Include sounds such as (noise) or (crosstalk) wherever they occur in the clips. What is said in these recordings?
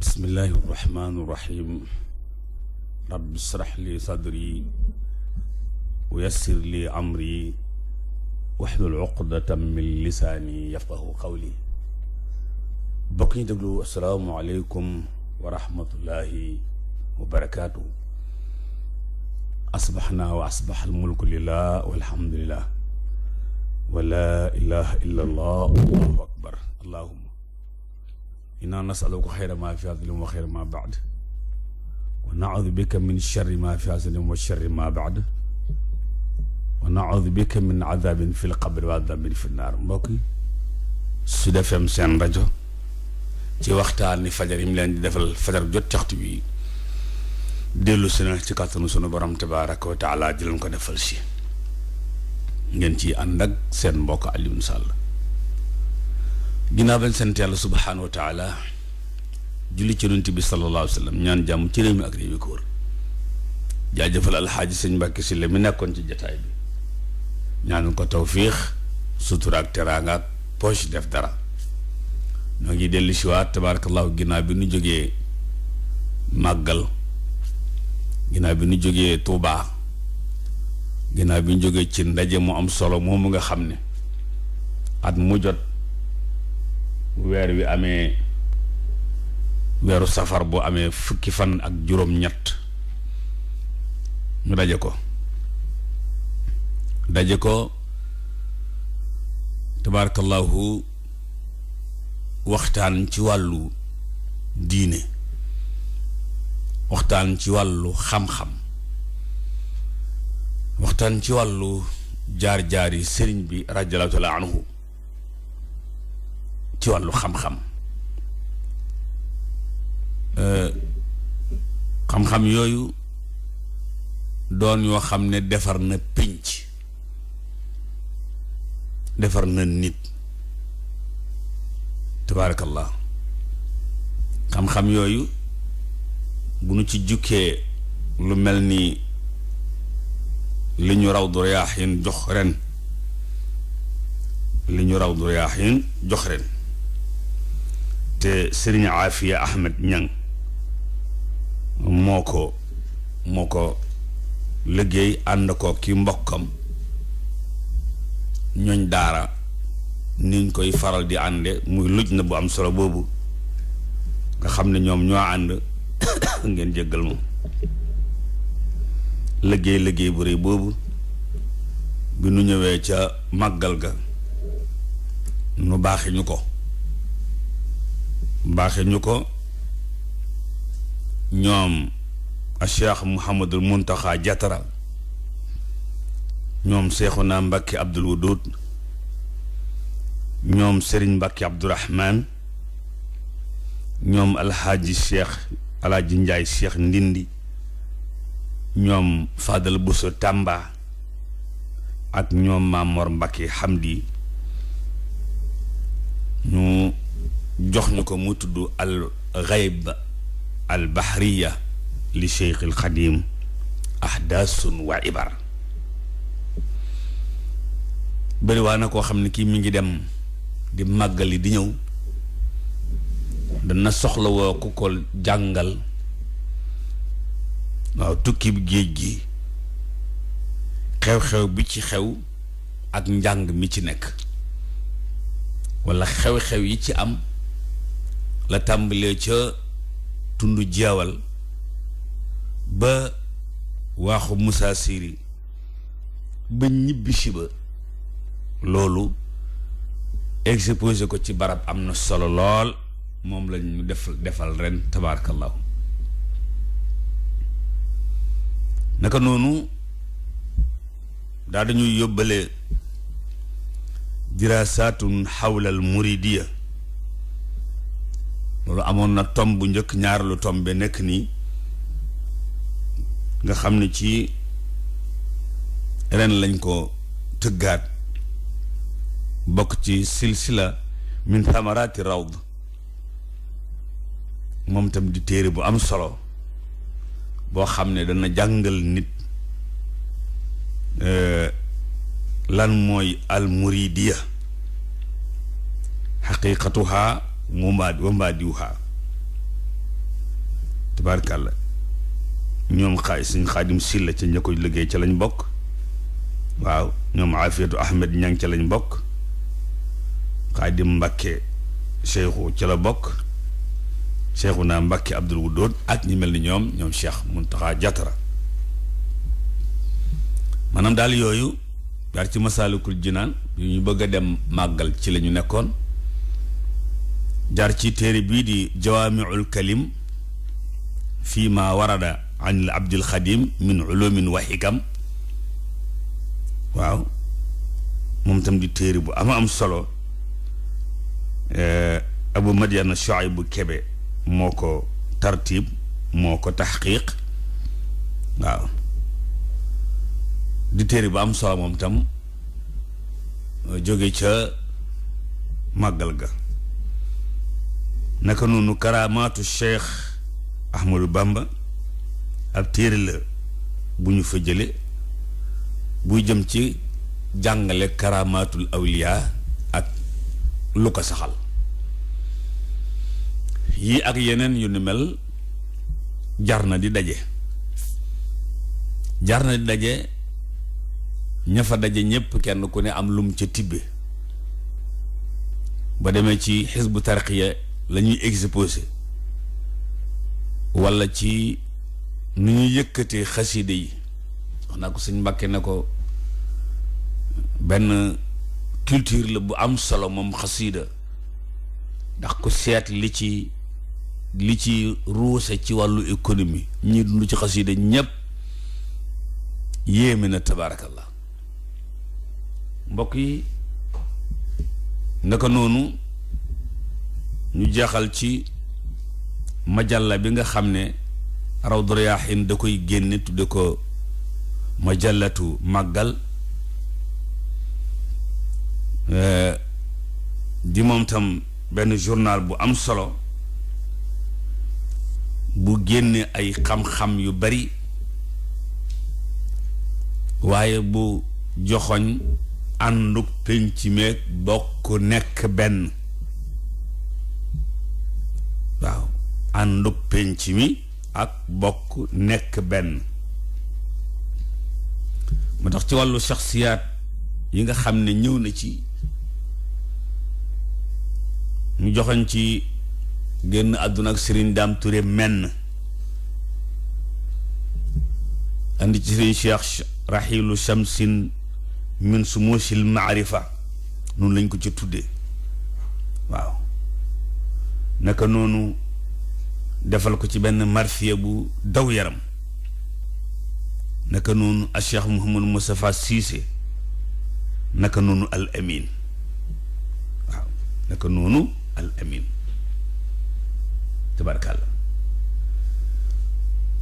bismillaahi rahmaani rahiim rabbi israh li sadri wa yassir li amri wahlul uqdatan min lisaani yafqahu qawli bokk ñu déglu assalaamu aleykum wa rahmatullaahi wa barakaatu asbaxnaa wa asbax almulku lillaah walhamdulillaah wa laa ilaaha illallaah allaahu akbar allahumma innaa nasaluka xayra maa fi haazal yawm wa xayra maa baad wa naudu bika min sharri maa fi haazal yawm wa sharri maa baad wa naudu bika min adaabin fil qabri wa adaabin fin naar mbokk yi Sud FM seen rajo ci waxtaani fajar yi mu leen di defal fajar jot waxtu wi dellu si na ci kàttanu sunu borom tabaaraka wa taala di leen ko defal si ngeen ci ànd ak seen mbokk Alioune Sall ginnaaw bañ sant yàlla subhaanahu wa taala julli ci yonent bi sallallahu alayhi ñaan jàmm ci réew mi ak réew yi ko wër jaajëfal alxaaji sëñ Mbàkke Sylla mu nekkoon ci jataay bi ñaanal ko tawfiix sutura ak teraanga ak poche def dara ñoo ngi dellu si waat tabaarakallaahu ginnaaw bi nu jógee màggal ginnaaw bi nu jógee tuubaa ginnaaw bi nu jógee ci ndaje mu am solo mu nga xam ne at mu jot weer wi amee weeru safar bu amee fukki fan ak juróom-ñett ñu daje ko daje ko tabaarakallahu waxtaan ci wàllu diine waxtaan ci wàllu xam-xam waxtaan ci wàllu jaar-jaari sëriñ bi radiallahu taala anhu ci wàllu xam-xam euh, xam-xam yooyu doon yoo xam ne defar na pénc defar na nit tabaarakallah xam-xam yooyu bu nu ci jukkee lu mel ni li ñu raw du riyaaxin jox ren li ñu raw du riyaaxin jox ren te Serigne Afia Ahmed ñaŋ moo ko moo ko liggéey ànd ko ki mbokkam ñooñ daara niñ koy faral di ànde muy luj na bu am solo boobu nga xam ne ñoom ñoo ànd (coughs) ngeen jéggal moom liggéey liggéey bu rëy boobu bi nu ñëwee ca màggal ga nu baaxi ko baaxe ñu ko ñoom a cheikh mouhamadul muntaxa jatara ñoom seexuna mbàkke abdul wudud ñoom sëriñ mbàkke abdurahman ñoom alxaaji cheikh alaaji njaay cheikh ndindi ñoom fadal buso tàmba ak ñoom maam mor mbàkke ñu jox ñu ko mu tudd al xayb al bahriya li cheikh al xadim ahdaasun wa ibar bëri na koo xam ne kii mi ngi dem di màggali di ñëw dana soxla woo ku ko jàngal waaw tukki géej gi xew-xew bi ci xew ak njàng mi ci nekk walla xew-xew yi ci am la tàmbalee ca tund jeewal ba waaxu Moussa Siri ba ñibbi ba loolu exposé ko ci barab am na solo lool moom lañu def defal ren tabaarakallahu naka noonu daa dañuy yóbbale diraasaatun xawla al muridiya loolu amoon na tom bu njëkk ñaareelu tom bi nekk nii nga xam ni ci ren lañ ko tëggaat bokk ci silsila min thamaraati rawd moom itam di téere bu am solo boo xam ne dana jàngal nit euh, lan mooy almuridiya xaqiqatuha wamba wamba diwhaa tabaarkàlla ñoom xaay suñ xaadim silla ci ña ko liggéey ca lañ bokk waaw ñoom afiyatu ahmed ñang ca lañ bokk xaadim mbàkke seexu ca la bokk seexu naa mbàkke abdul wudóot ak ñi mel ni ñoom ñoom cheikh muntaxa jatara maanaam daal yooyu daal ci masaalikul jinaan yu ñu bëgg a dem màggal ci lañu nekkoon jar ci téere bii di jawaamiul kalim fii ma warada an al min ulumin wa xikam waaw moom tam di téere bu ama am solo eh, abu madiana bu kebe moo ko tartib moo ko taxqiq waaw di téere bu am solo moom tam eh, jóge ca màggal ga naka noonu karaamaatu cheikh ahmadou bàmb ab téere la bu ñu fa jële buy jëm ci jàngale karaamaatul awliya ak lu ko saxal yii ak yeneen yu ni mel jar na di daje jar na di daje ña fa daje ñépp kenn ku ne am lum ca tibbe ba demee ci bu tarqiya la ñuy exposé wala ci nu ñuy yëkkatee xaside yi wax naa ko sëñ Mbàkke ne ko benn culture la bu am solo moom xasida ndax ku seet li ci li ci ruuse ci wàllu économie ñi dund ci xasida ñépp yéeme na tabaarakallah mbokk yi noonu ñu jeexal ci majalla bi nga xam ne rawdu riyaaxin da koy génne tudde ko majallatu màggal eh, di moom tam benn journal bu am solo bu génne ay xam-xam yu bari waaye bu joxoñ ànduk penc meeg bokk nekk benn ànduk pénc mi ak bokk nekk benn moo tax ci wàllu shaxsiyaat yi nga xam ne ñëw na ci ñu joxoñ ci génn àdduna ak Serigne Dame Touré menn andi ci Serigne Cheikh Rahilu Shamsin min sumuusil maarifa noonu lañ ko ci tuddee waaw naka noonu defal ko ci benn marfiya bu daw yaram naka noonu al cheikh Mouhamadou Moustapha Cissé naka noonu al amin waaw naka noonu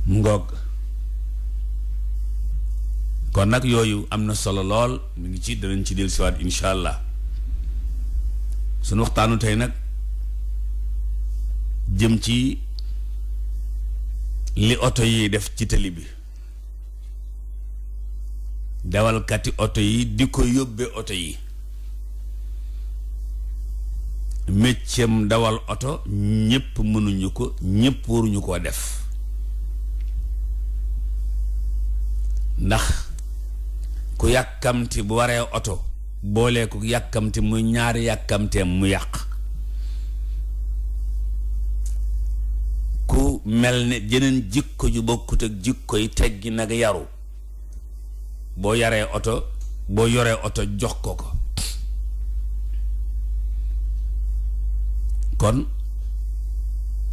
mu ngoog kon nag yooyu am na solo lool mu ngi ci danañ ci dellusiwaat incha allah sunu waxtaanu tey nag jëm ci li oto yi def ci tali bi dawalkati oto yi di ko yóbbee oto yi méccem dawal oto ñépp mënuñu ko ñépp waruñu koo def ndax ku yàkkamti bu waree oto boole ku yàkkamti mu ñaari yàkkamteem mu yàq mel ne jeneen jikko ju bokkut ak jikko yi teggi nag yaru boo yaree oto boo yoree oto jox ko ko kon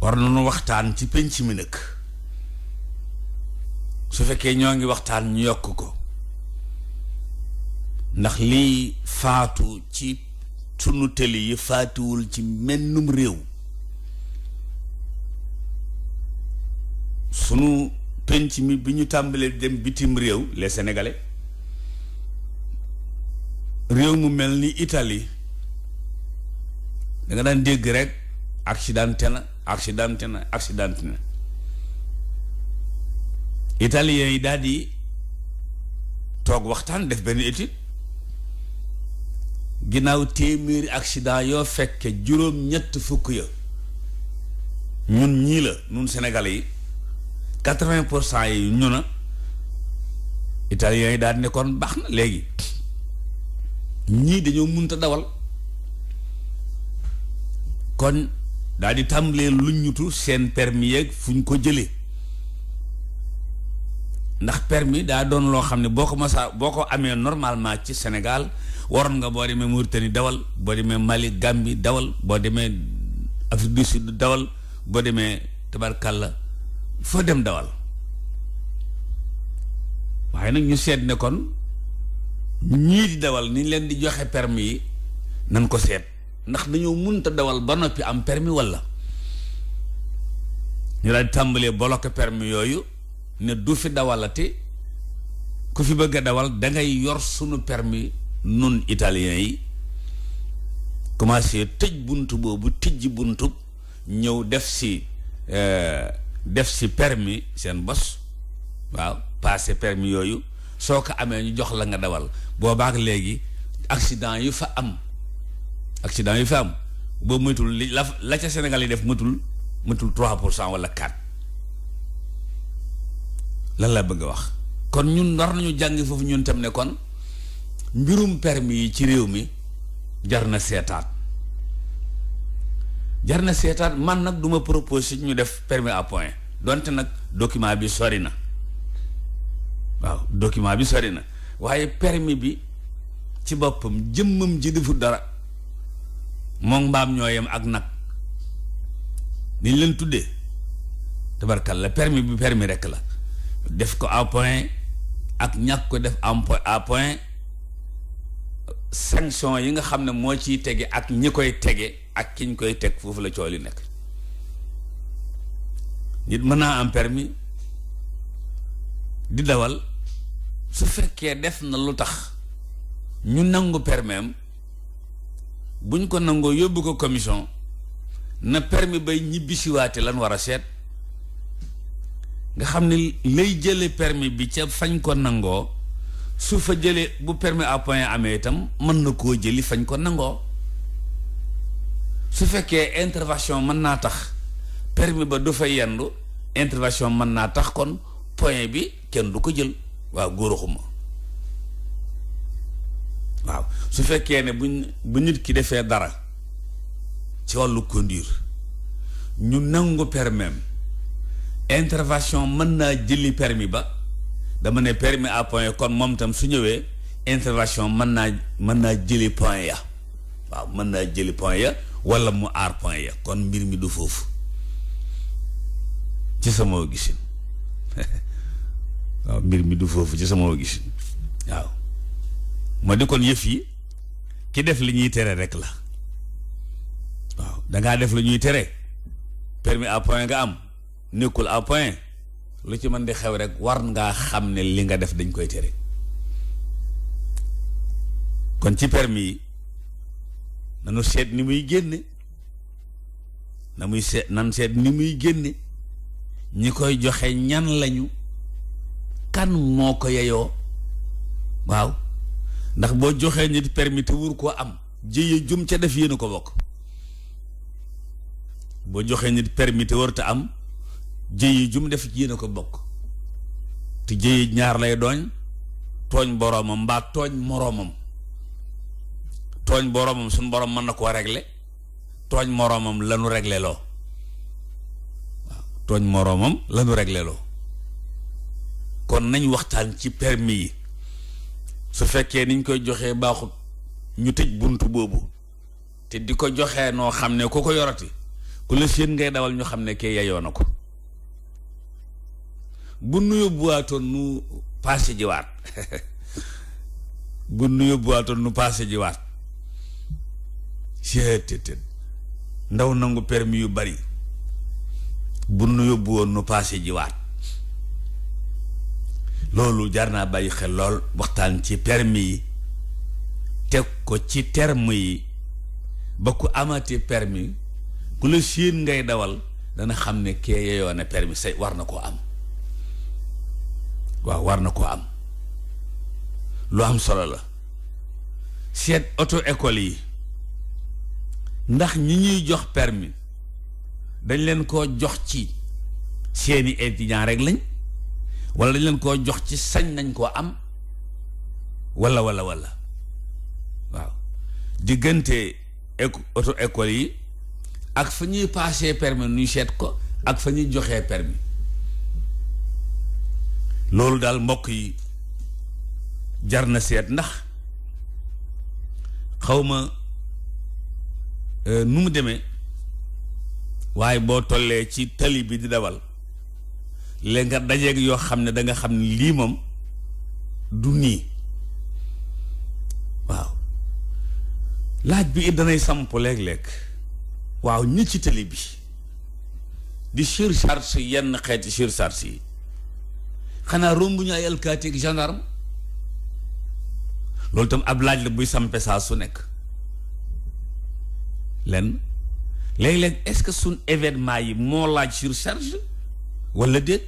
war nañu waxtaan ci penc mi nag su fekkee ñoo ngi waxtaan ñu yokk ko ndax lii faatu ci sunu tëli yi faatuwul ci mennum réew penc mi bi ñu tàmbalee dem bitim réew les sénégalais réew mu mel ni itali da daan dégg rek accidenté na accidenté na accidenté na italiens yi daal toog waxtaan def benn étude ginnaaw téeméeri accident yoo fekke juróom-ñett fukk ya ñun ñii la ñun sénégalais yi 80 pour cent yi ñu na italiens yi daal ne kon baax na léegi ñii dañoo a dawal kon daal di tàmbalee lu ñutu seen permis yeeg fu ñu ko jële ndax permis daa doon loo xam ne boo ko masaa boo ko amee normalement ci Sénégal waroon nga boo demee Mauritanie dawal boo demee Mali Gambie dawal boo demee Afrique du Sud dawal boo demee tabarkalla foo dem dawal waaye nag ñu seet ne kon ñii di dawal ni leen di joxe permi yi nan ko seet ndax dañoo munta dawal ba noppi am permi walla ñu daal tàmbalee bolok permis yooyu ne du fi dawalate ku fi bëgg a dawal dangay yor sunu permi nun italiens yi commencé tëj bunt boobu tijji buntu ñëw def si euh, def si permi seen bos waaw passé permis yooyu soo ko amee ñu jox la nga dawal boobaak léegi accident yu fa am accident yu fa am boo moytul li la la ca Sénégal yi def motul motul trois pour cent wala 4 lan la bëgg a wax kon ñun war nañu jàng foofu ñun tam ne kon mbirum permi yi ci réew mi jar na seetaat jar na seetaan man nag du ma proposé ñu def permis à point donte nag document bi sori na waaw document bi sori na waaye permis bi ci boppam jëmmam ji deful dara moom mbaam ñoo yem ak nag ni ñu leen tuddee tabarkal la permis bi permis rekk la def ko à point ak ñàkk ko def à point sanction yi nga xam ne moo ciy tege ak ñi koy tege ak ki ñu koy teg foofu la coow li nekk nit mën naa am permi di dawal su fekkee def na lu tax ñu nangu permis buñ ko nangoo yóbbu ko commission na permis bay ñibbisiwaate lan war a seet nga xam ne lay jële permis bi ca fañ ko nangoo su fa jëlee bu permis à point amee itam mën na koo jëli fañ ko nangoo su fekkee intervention mën naa tax permis ba du fa yendu intervention mën naa tax kon point bi kenn du ko jël waaw góoraxuma waaw su fekkee ne buñ bu nit ki defee dara ci wàllu conduire ñu nangu permis intervention mën naa jëli permis ba dama ne permis à point kon moom tam su ñëwee intervention mën naa mën naa jëli point ya waaw mën naa jëli point ya wala mu aar point ya kon mbir mi du foofu ci sama gisin (laughs) waaw mbir mi du foofu ci sama gisin waaw ma di kon yëf yi ki def li ñuy tere rek la waaw dangaa def li ñuy tere permis à nga am nekkul à point lu ci mën di xew rek war ngaa xam ne li nga def dañ koy tere kon ci permis yi nanu seet ni muy génne na muy seet nan seet ni muy génne ñi koy joxe ñan lañu kan moo ko yeyoo waaw ndax boo joxee nit permis te wur koo am jëye jum ca def yéen ko bokk boo joxee nit permis te warta am jëye jum def yéen a ko bokk te jëye ñaar lay doñ tooñ boroomam mbaa tooñ moroomam tooñ boroomam suñ borom mën na koo régler tooñ moroomam lañu régler tooñ moroomam lanu regleloo loo kon nañ waxtaan ci permi yi su fekkee niñ koy joxee baaxut ñu tëj bunt boobu te di ko joxee noo xam ne ku ko yorati ku la séen ngay dawal ñu xam ne kee yeyoo na ko bu nu yóbbuwaatoon nu paase jiwaat bu nu yóbbuwaatoon nu paase jiwaat seetetet ndaw nangu permis yu bari bu nu yóbbu woon nu paase jiwaat loolu jar naa bàyyi xel lool waxtaan ci permis teg ko ci term yi ba ku amati permis ku la siin ngay dawal dana xam ne kee yeyoon na permis war na koo am waaw war na ko am lu am solo la seet auto école yi ndax ñi ñuy jox permis dañ leen koo jox ci seeni étudiant rek lañ wala dañ leen koo jox ci sañ nañ koo am wala wala wala waaw diggante auto école yi ak fa ñuy passé permis nuy seet ko ak fa ñuy joxee permis loolu daal mbokk yi jar na seet ndax xaw ma euh, nu mu demee waaye boo tollee ci tali bi di dawal léegi nga dajeeg yoo xam ne danga xam ne lii moom du nii waaw laaj bi it danay samp léeg-léeg waaw ñi ci tali bi di surcharge yenn xeeti surcharge yi xanaa romb ñu ay alkaati ak gendarme loolu tam ab laaj la buy sampe saa su nekk lenn léeg-léeg est-ce que suñ événement yi moo laaj surcharge walla déet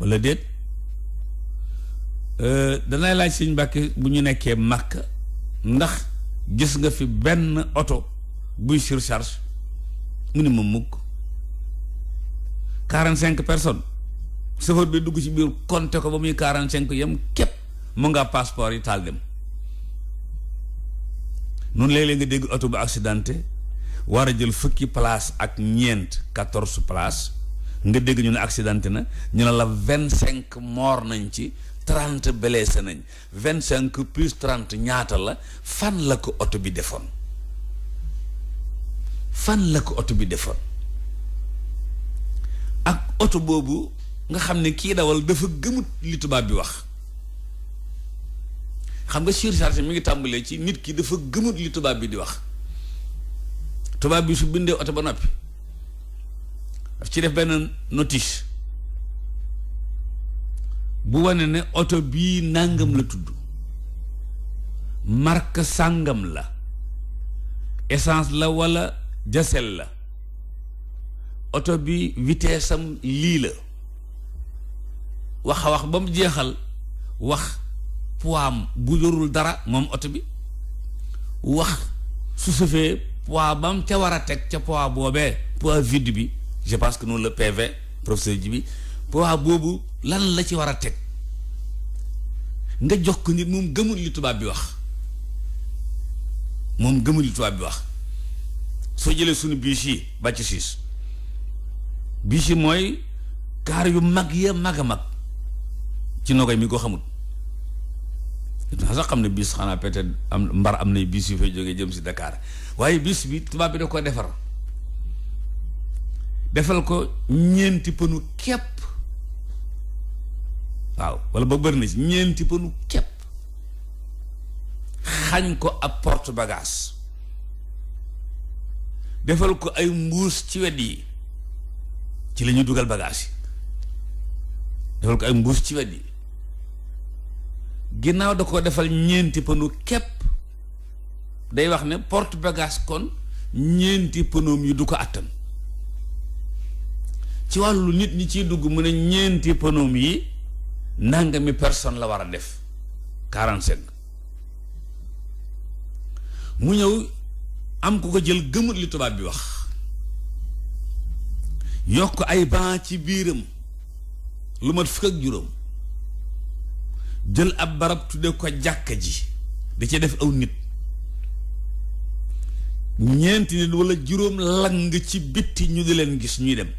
walla déet euh, danay laaj sëñ Mbàkke bu ñu nekkee Makka ndax gis nga fi benn oto buy surcharge mu ne ma mukk quarante cinq personnes chauffeur bi dugg ci biir compté ko ba muy quarante cinq yem képp mu nga passeport yi taal dem noonu léeg-léeg nga dégg oto bu accidenté war a jël fukki place ak ñeent quatorze place nga dégg ñu ne accidenté na ñu ne la vingt cinq mort nañ ci trente blessé nañ vingt cinq plus trente ñaata la fan la ko oto bi defoon fan la ko oto bi defoon ak oto boobu nga xam ne kii dawal dafa gëmut li tubaab bi wax xam nga surcharge mi ngi tàmbalee ci nit ki dafa gëmut li tubaab bi di wax tubaab bi su bindee oto ba noppi daf ci def benn notice bu wane ne oto bii nàngam la tudd marque sàngam la essence la walla jasel la oto bi vitesse am lii la waxawax a ba mu jeexal wax poids bu jorul dara moom oto bi wax su sufee poids ba ca war a teg ca poids boobee poids vide bi je pense que noonu la PV professeur ji bi poids boobu lan la ci war a teg nga jox ko nit moom gëmul li tubaab bi wax moom gëmul li tubaab bi wax soo jëlee sunu biis yi bàcc siis biis yi mooy kaar yu mag ya mag a mag ci nogay mi ko xamul sax xam ne bis xanaa peut am mbar am nay biis yu fay jógee jëm si Dakar waaye bis bi tubaab bi da ko defar defal ko ñeenti pënu képp waaw wala ba bëri ñeenti pënu képp ko ab port bagaas defal ko ay mbuus ci wet yi ci la ñuy dugal bagaas yi defal ko ay mbuus ci wet yi ginnaaw da ko defal ñeenti pënu képp day wax ne port bagage kon ñeenti pënoom yi du ko àttan ci wàllu nit ñi ciy dugg mu ne ñeenti pënoom yi nangami personne la war a def quarante mu ñëw am ku ko jël gëmut li tubaab bi wax yokk ay ban ci biiram lu mat fukk ak juróom jël ab barab tudde ko jàkka ji da ci def aw nit ñeenti nit wala juróom lang ci bitti ñu di leen gis ñuy dem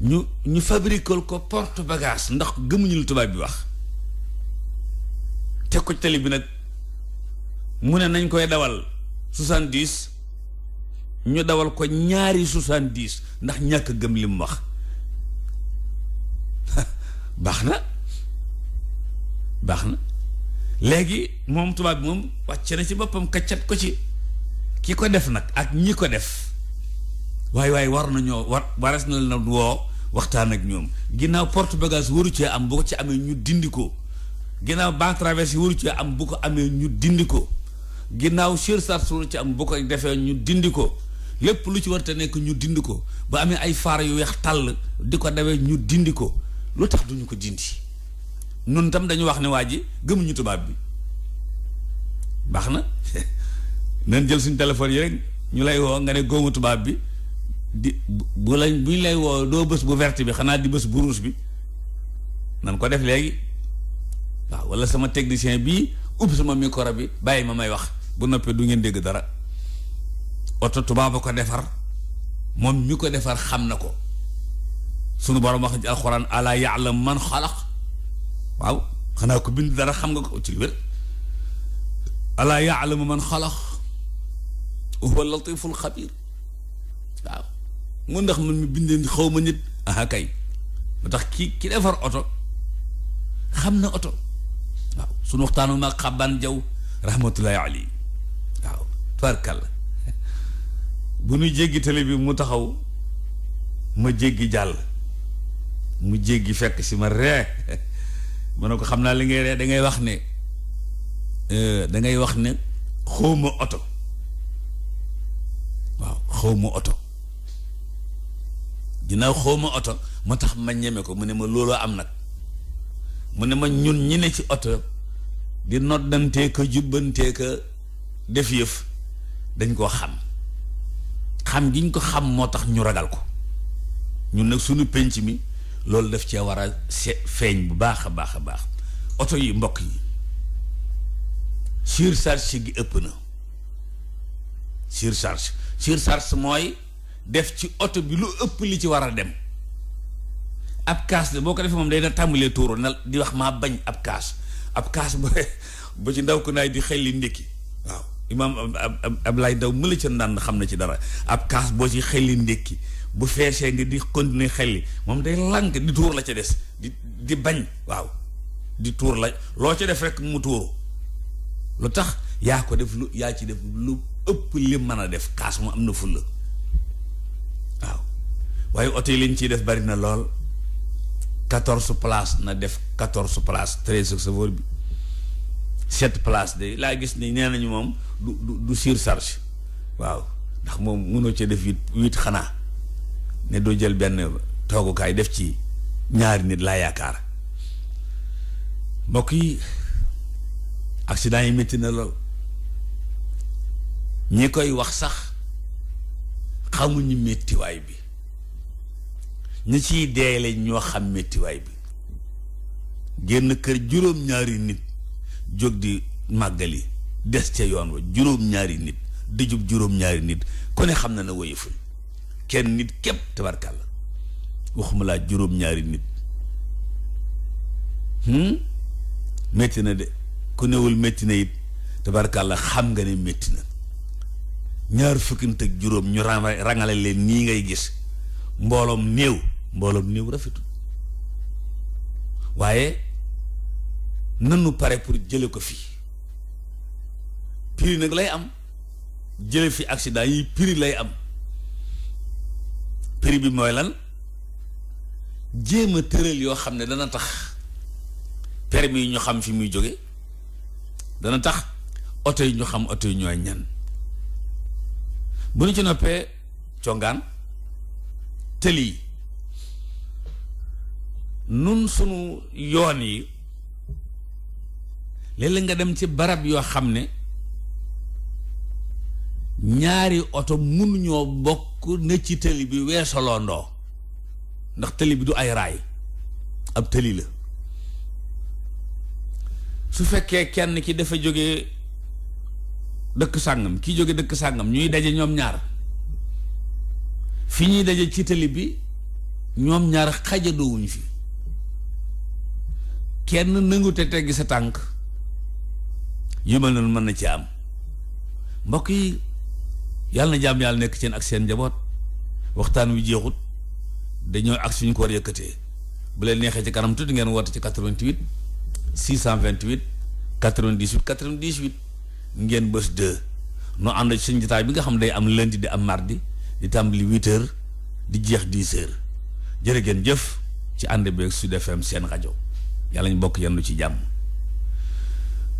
ñu ñu fabriquer ko porte bagage ndax gëmuñu lu tubaab bi wax te ko tali bi nag mu ne nañ koy dawal soixante-dix ñu dawal ko ñaari soixante-dix ndax ñàkk gëm lim wax (laughs) baax na baax na léegi moom tubaab bi moom wàcc na ci boppam kaccat ko ci ki ko def nag ak ñi ko def waaye waaye war nañoo war waras na la woo waxtaan ak ñoom ginnaaw porte bagage waru cee am bu ci amee ñu dindi ko ginnaaw ban traverse waru cee am bu ko amee ñu dindi ko ginnaaw surcharge waru ci am bu ko defee ñu dindi ko lépp lu ci war te nekk ñu dindi ko ba amee ay faar yu weex tàll di ko dawee ñu dindi ko lu tax duñu ko dindi nun tam dañu wax ne waa ji gëmuñu tubaab bi baax na (laughs) nan jël suñ téléphone yi rek ñu lay woo nga ne góomu tubaab bi di bu lañ buñ lay woo doo bës bu verte bi xanaa di bés bu rouge bi nan ko def léegi waaw walla sama technicien bii ubbi sama micro bi bàyyi ma may wax bu noppee du ngeen dégg dara oto tubaab a ko defar moom ñu ko defar xam na ko sunu borom wax ci alxuraan ala ya'lam man xalaq waaw xanaa ko bind dara xam nga ko ci wér alaa yaalamu man xalaq huwa latiful xabir waaw mu ndax man mi bindee xaw ma nit aha kay mu tax ki defar oto xam na oto waaw sunu waxtaanu ma xaban jaw rahmatullahi alayhi waaw tubaarkàlla bu nu jéggi télé bi mu taxaw ma jéggi jàll mu jéggi fekk si ma ree ma ne ko xam naa li ngay ree dangay wax ne euh, dangay wax ne xawma oto waaw xawma oto ginnaaw xawma oto moo tax ma ñeme ko mu ne ma looloo am nag mu ne ma ñun ñi ne ci oto di noddantee ko jubbantee ko def yëf dañ koo xam xam gi ñu ko xam moo tax ñu ragal ko ñun nag suñu penc mi loolu daf cee war a feeñ bu baax a baax a baax oto yi mbokk yi surcharge gi ëpp na surcharge surcharge mooy def ci oto bi lu ëpp li ci war a dem ab kaas de boo ko defee moom day na tàmbulee tuuru na di wax maa bañ ab kaas ab kaas ba (laughs) ba ci ndaw ko naay di xel li ndékki waaw imaam ab ab ab lay daw mën la ca xam na ci dara ab kaas boo ci xel li ndékki bu feesee nga di xel li moom day lànk di tuur la ca des di di bañ waaw di tuur la loo ca def rekk mu tuuru lu tax yaa ko def lu yaa ci def lu ëpp li mën a def xaas am na fulla waaw waaye oto yi liñ ciy def bari na lool quatorze place na def quatorze place treize chauffeur bi set place de laa gis ni nee nañu moom du du surcharge waaw ndax moom mënoo ca def huit huit xanaa ne doo jël benn toogukaay def ci ñaari nit laa yaakaar mbokk yi accident yi métti na lool ñi koy wax sax xamuñu méttiwaay bi ñi ciy deele ñoo xam méttiwaay bi génn kër juróom-ñaari nit jóg di màggali des ca yoon wa juróom-ñaari nit di jub juróom-ñaari nit ku ne xam na na wëyëful kenn nit képp tabarkàlla waxuma laa juróom-ñaari nit métti hmm? na de ku newul métti na it tabarkàlla xam nga ne métti na ñaar fukki ak juróom ñu rangale leen nii ngay gis mbooloom néew mbooloom néew rafetul waaye nanu pare pour jële ko fii prix nag lay am jële fi accident yi prix lay am prix bi mooy lan jéem a tëral yoo xam ne dana tax permis yi ñu xam fi muy jóge dana tax oto yi ñu xam oto yi ñooy ñan bu ñu ci noppee congaan tëli yi nun sunu yoon yi léeg-léeg nga dem ci barab yoo xam ne ñaari oto mënuñoo bokk ku ne ci tëli bi weesaloo ndoo ndax tëli bi du ay raay ab tëli la su fekkee kenn ki dafa jóge dëkk sàngam ki jóge dëkk sàngam ñuy daje ñoom ñaar fi ñuy daje ci tëli bi ñoom ñaar xajadoowuñ fi kenn nangu te sa tànk yu mel noonu mën na ci am mbokk yàlla na jàmm yàlla nekk seen ak seen njaboot waxtaan wi jeexut dañoo ak suñu ko war yëkkatee bu leen neexee ci kanam tuuti ngeen woote ci 88 628 98 98 ngeen bës 2 noo ànd ci suñu jotaay bi nga xam day am lundi di am mardi di tàmbali 8 di jeex 10 heures jërë ngeen jëf ci ànd beeg Sud FM seen rajo yàlla ñu bokk yenn yendu ci jàmm.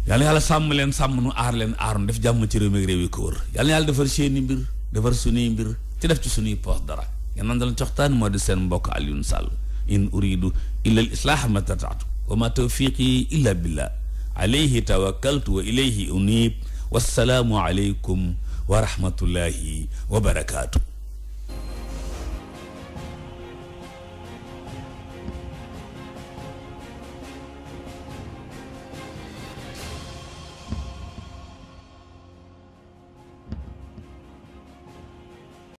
yal na yàlla sàmm leen sàmm nu aar leen aar nu def jàmm ci réew mi réew yi ko wër yal na yàlla defar seeni mbir defar suñuy ci def ci suñuy poos dara ngeen naan dal coxtaan moo di seen mbokk Alioune Sall in uridu illa al islaaha ma tataatu wa ma tawfiqi illa billah alayhi tawakkaltu wa ilayhi unib wassalaamu aleykum wa rahmatullahi wa barakaatu